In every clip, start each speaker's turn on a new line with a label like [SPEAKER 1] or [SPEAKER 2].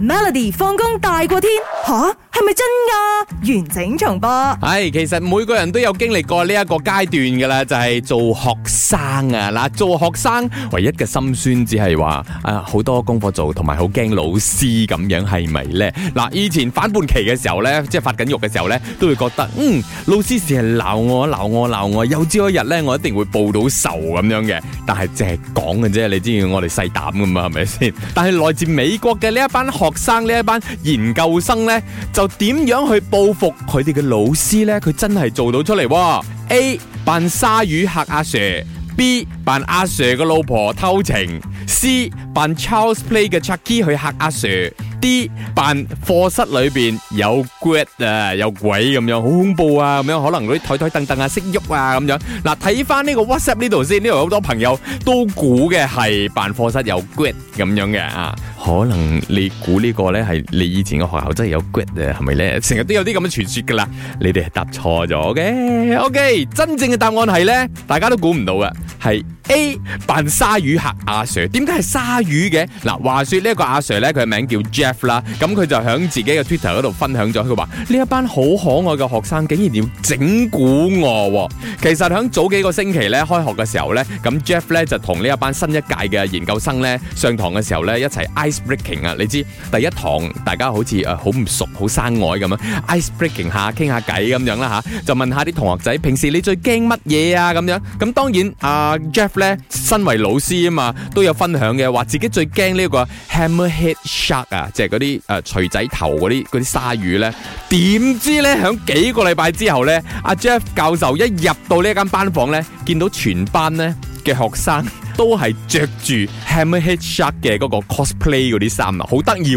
[SPEAKER 1] Melody 放工大過天吓，係咪真噶？完整重播。係其實每個人都有經歷過呢一個階段噶啦，就係做學生啊。嗱，做學生唯一嘅心酸只係話啊，好多功課做，同埋好驚老師咁樣，係咪咧？嗱，以前反叛期嘅時候咧，即係發緊育嘅時候咧，都會覺得嗯，老師成日鬧我鬧我鬧我，有朝一日咧，我一定會報到仇咁樣嘅。但係淨係講嘅啫，你知唔知我哋細膽噶嘛？係咪先？但係來自美國嘅呢一班學學生呢一班研究生呢，就點樣去報復佢哋嘅老師呢？佢真係做到出嚟啊。A 扮鯊魚嚇阿 Sir，B 扮阿 Sir 嘅老婆偷情，C 扮 Charles Play 嘅 Chucky 去嚇阿 Sir。啲辦課室裏邊有鬼啊，有鬼咁樣，好恐怖啊，咁樣可能嗰啲台台凳凳啊識喐啊，咁樣嗱，睇翻呢個 WhatsApp 呢度先，呢度好多朋友都估嘅係辦課室有鬼咁樣嘅啊，可能你估呢個咧係你以前個學校真係有鬼啊，係咪咧？成日都有啲咁嘅傳說噶啦，你哋係答錯咗嘅，OK，真正嘅答案係咧，大家都估唔到嘅係。A 扮鯊魚客阿 Sir，點解係鯊魚嘅？嗱、啊，話說呢一個阿 Sir 咧，佢名叫 Jeff 啦，咁佢就響自己嘅 Twitter 度分享咗，佢話呢一班好可愛嘅學生竟然要整蠱我。其實響早幾個星期呢，開學嘅時候呢，咁 Jeff 呢就同呢一班新一屆嘅研究生呢上堂嘅時候呢一齊 Ice Breaking 啊，你知第一堂大家好似誒好唔熟、好生外咁樣 Ice Breaking 下，傾下偈咁樣啦吓，就問下啲同學仔，平時你最驚乜嘢啊咁樣？咁當然阿、啊、Jeff。咧，身為老師啊嘛，都有分享嘅，話自己最驚呢個 hammerhead shark 啊，即係嗰啲誒錘仔頭嗰啲嗰啲鯊魚咧。點知咧，響幾個禮拜之後咧，阿、啊、Jeff 教授一入到呢間班房咧，見到全班咧嘅學生都係着住 hammerhead shark 嘅嗰個 cosplay 嗰啲衫啊，好得意，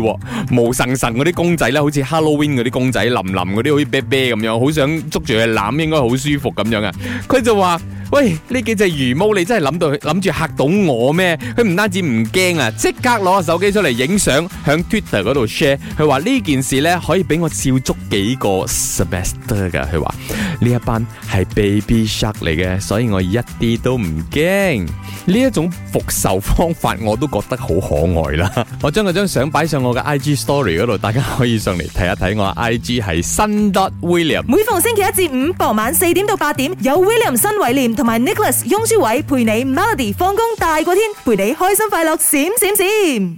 [SPEAKER 1] 毛神神嗰啲公仔咧，好似 Halloween 嗰啲公仔，腍腍嗰啲好似啤啤咁樣，好想捉住佢攬，應該好舒服咁樣啊。佢就話。喂，呢幾隻魚毛你真係諗到諗住嚇到我咩？佢唔單止唔驚啊，即刻攞個手機出嚟影相，響 Twitter 嗰度 share。佢話呢件事呢，可以俾我照足幾個 semester 噶。佢話呢一班係 baby shark 嚟嘅，所以我一啲都唔驚。呢一種復仇方法我都覺得好可愛啦。我將嗰張相擺上我嘅 IG Story 嗰度，大家可以上嚟睇一睇。我 IG 係 sun dot William。每逢星期一至五傍晚四點到八點，有 William 新偉廉。同埋 Nicholas 雍舒偉陪你 Melody 放工大過天，陪你開心快樂閃閃閃。